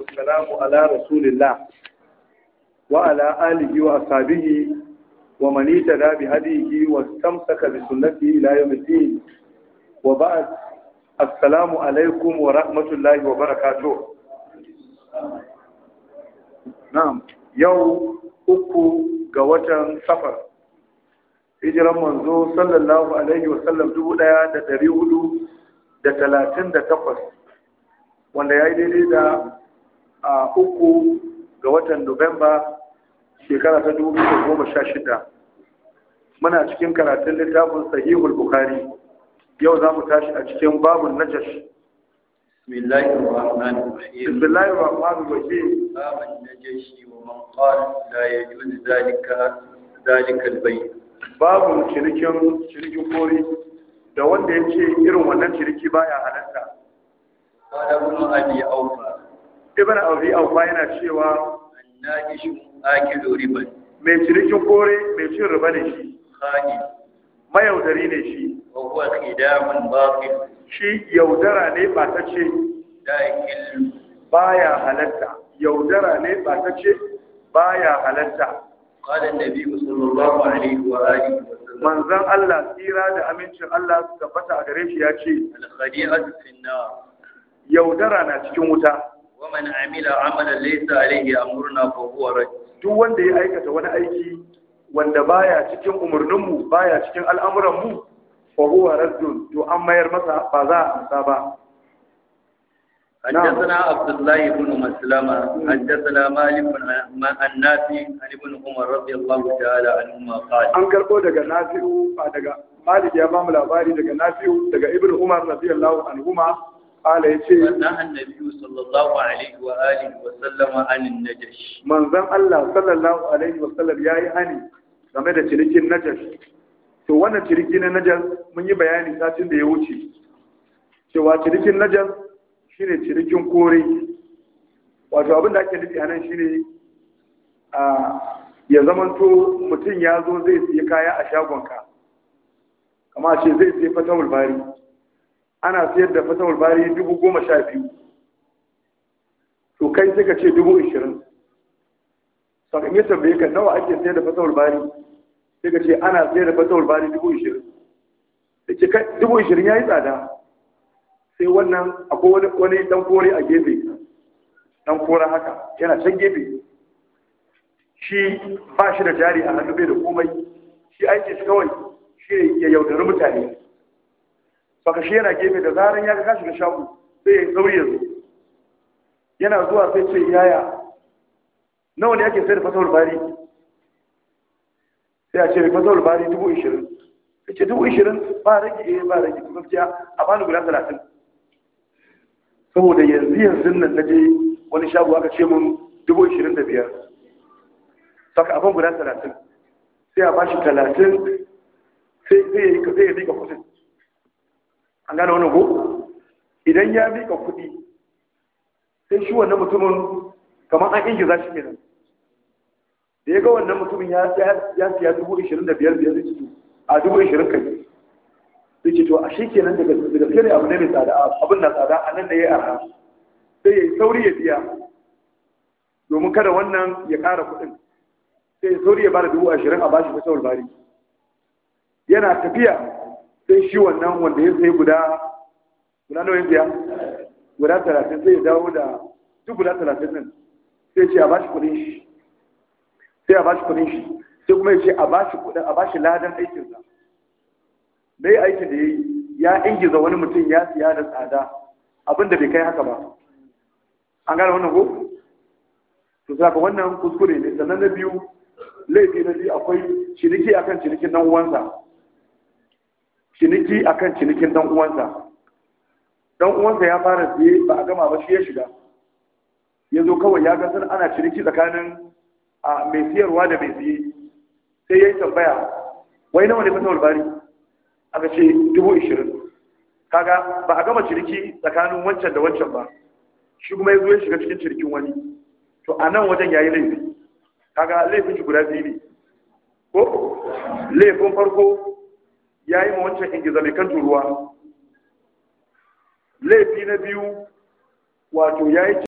والسلام على رسول الله وعلى آله وأصحابه ومن اهتدى بهديه واستمسك بسنته إلى يوم الدين وبعد السلام عليكم ورحمة الله وبركاته نعم يوم أكو ga سفر safar منذ صلى الله عليه وسلم dubu تتريه da dari hudu da talatin da takwas wanda ya yi daidai da a uku ga watan Nuwamba shekara ta dubu da goma sha shida. Muna cikin karatun littafin Sahihul Bukhari. Yau za mu tashi a cikin babun na Bismillahir Rahmanir Rahim. Babun Najashi wa man qala la yajuz zalika zalika al Babun cinikin cinikin kori da wanda ya ce irin wannan ciriki baya halatta. Qala ibn Abi Awfa ibn abi aufa yana cewa annajishu akilu riba mai cirikin kore mai cin riba ne shi khani mayaudari ne shi wa huwa qidamun shi yaudara ne ba ta ce baya halatta yaudara ne ba ta ce baya halatta قال النبي صلى da amincin Allah tabbata a gare shi yaudara na cikin wuta wa man amila amalan laysa alayhi amruna fa duk wanda ya aikata wani aiki wanda baya cikin umurnin mu baya cikin al'amuran mu fa huwa raddun to an mayar masa ba za a amsa ba حدثنا عبد الله بن مسلمة حدثنا مالك عن نافع عن ابن عمر رضي الله تعالى عنهما قال an karbo daga nafi'u daga malik ya bamu labari daga nafi'u daga ibn umar radiyallahu anhuma قال يتي نهى النبي صلى الله عليه وآله game da cirikin najas to wannan ciriki na najas mun yi bayani satin da ya wuce cewa cirikin najas shine cirikin kore wato abin da ake nufi a nan shine a ya zamanto mutum ya zo zai siya kaya a shagonka kama ce zai siya fata bari ana siyar da fatawar bari dubu goma sha biyu to kai sai ka ce dubu ishirin sakamakon yi tambaye ka nawa ake siyar da fatawar bari sai ka ce ana siyar da fatawar bari dubu ishirin da ke dubu ishirin ya yi tsada sai wannan akwai wani dan kore a gefe dan kora haka yana can gefe shi ba shi da jari a hannu bai da komai shi aiki shi kawai shi ya yaudari mutane baka shi yana gefe da zaran ya kashi da shago sai ya sauri ya zo yana zuwa sai ce yaya nawa ne ake sayar da fasahar bari sai a ce fasahar bari dubu ishirin ya ce dubu ishirin ba rage eh ba rage su gaskiya a bani guda talatin saboda yanzu yanzu nan na je wani shago aka ce mun dubu ishirin da biyar saka abin guda talatin sai a bashi talatin sai ya yi ka kusa. an gane wani ko idan ya mika kuɗi sai shi wannan mutumin kamar an za shi kenan da ya ga wannan mutumin ya siya dubu ishirin da biyar biyar zai a dubu ishirin kai sai ce to a shi kenan daga daga ne abu ne mai tsada abin na tsada a nan da ya yi arha sai ya yi sauri ya biya domin kada wannan ya ƙara kuɗin sai ya sauri ya bada dubu ashirin a bashi fasawar bari yana tafiya sai shi wannan wanda ya sai guda guda nawa biya guda talatin sai ya dawo da duk guda talatin nan sai ce a bashi kudin shi sai a shi kudin shi sai kuma ya ce a bashi kuɗin a bashi ladan aikinsa dai aikin da ya yi ya ingiza wani mutum ya siya da tsada abin da bai kai haka ba an gane wannan ko to saka wannan kuskure ne sannan na biyu laifi na biyu akwai ciniki akan cinikin dan uwansa ciniki akan cinikin dan uwansa dan uwansa ya fara tsaye, ba a gama ba shi ya shiga ya zo kawai ya san ana ciniki tsakanin a mai siyarwa da mai siye sai ya yi tambaya wai nawa ne fasawar bari aka ce dubu ishirin kaga ba a gama ciniki tsakanin wancan da wancan ba shi kuma ya zo ya shiga cikin cinikin wani to a nan wajen ya yi laifi kaga laifin shi guda biyu ne ko laifin farko ya yi ma wancan ingiza mai turuwa laifi na biyu wato ya yi